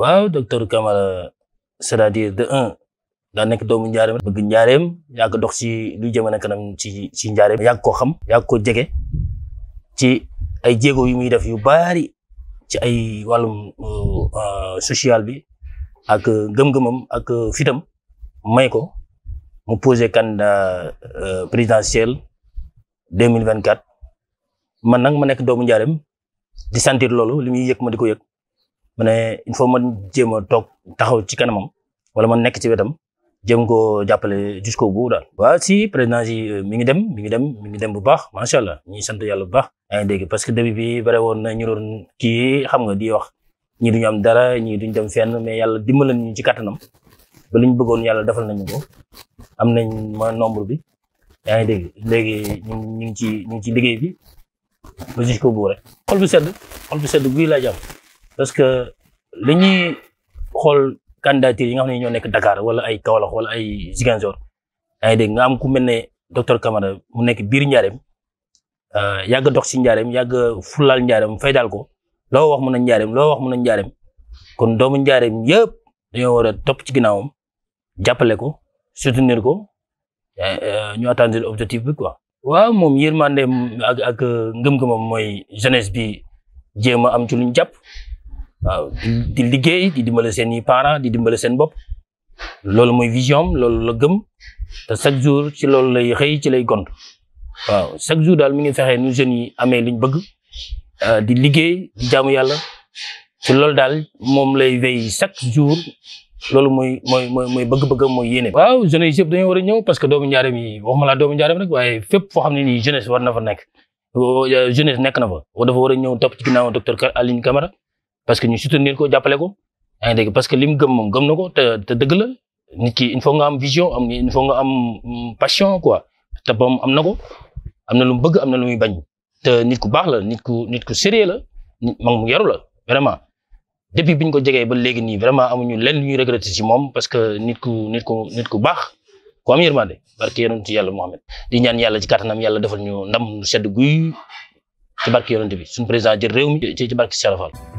waaw docteur Camara c'est-à-dire de un daa nekk doomu njaareem bëgg njaareem yàgg dox ci lu jëmale kanam ci ci njaareem yàgg koo xam yàgg koo jege ci ay jéego yu muy def yu baari ci ay wàllum euh, euh, social bi ak gëm-gëmam ak fitam may ko mu posé candidat euh, présidentiel 2024 man nag ma nekk doomu njaareem di sentir loolu li muy yëg ma di ko yëg mu ne il man jéem a toog taxaw ci kanamam wala man nekk ci wetam jéem koo jàppale jusqu'au bout daal. waa si président yi euh, mi ngi dem mi ngi dem mi ngi dem bu baax macha allah ñuy sant yàlla bu baax. yaa ngi parce que début bi bare woon na ñu doon kii xam nga di wax ñii duñu am dara ñii duñ dem fenn mais yàlla dimbali nañu ci kattanam ba ñu bëggoon yàlla defal nañu ko am nañ ma nombre bi. yaa ngi dégg léegi ñu ngi ci ñu ngi ci liggéey bi ba jusqu'au bout rek xol bu sedd xol bu sedd guy laa jàmm parce que li ñuy xool candidature yi nga xam ne nekk Dakar wala ay Kaolack wala ay Ziguinchor yaa ngi dégg am ku mel ne docteur Camara mu nekk biir Njaareem euh, yàgg dox si Njaareem yàgg fulaal Njaareem fay daal ko loo wax mun a Njaareem loo wax mun a Njaareem kon doomu Njaareem yëpp dañoo war a topp ci ginnaawam jàppale ko soutenir ko euh, ñu atteindre objectif bi quoi. waaw moom yërmande ak ak ngëm-ngëmam mooy jeunesse bi jéem a am ci luñ jàpp waaw di di liggéey di dimbale seen i parents di dimbale seen bopp loolu mooy vision am loolu la gëm te chaque jour ci loolu lay xëy ci lay gont waaw chaque jour daal mi ngi fexe nu jeunes yi amee liñ bëgg euh, di liggéey di yàlla ci loolu daal moom lay wéy chaque jour loolu mooy mooy mooy mooy bëgg-bëggam mooy yéene. waaw jeunesse yëpp dañoo war a ñëw parce que doomu njaaram yi waxuma laa rek waaye fépp foo xam ne nii jeunesse war na fa nekk jeunesse nekk na fa dafa war a ñëw topp ci ginnaaw docteur Aline Camara parce que ñu soutenir ko jàppale ko yaa ngi parce que lim mu gëm moom gëm na ko te te la nit ki il faut nga am vision am il faut nga am mm, passion quoi te moom am na ko am na lu mu am na lu muy bañ te nit ku baax la nit ku nit ku sérieux la nit mag mu la vraiment depuis bi ñu ko jegee ba léegi nii vraiment amuñu lenn lu ñuy ci moom parce que nit ku nit ku nit ku baax ku am yërmande barke yonent yàlla Mohamed di ñaan yàlla ci kàttanam yàlla defal ñu ndam lu sedd guy ci barke yonent bi suñu président jël réew mi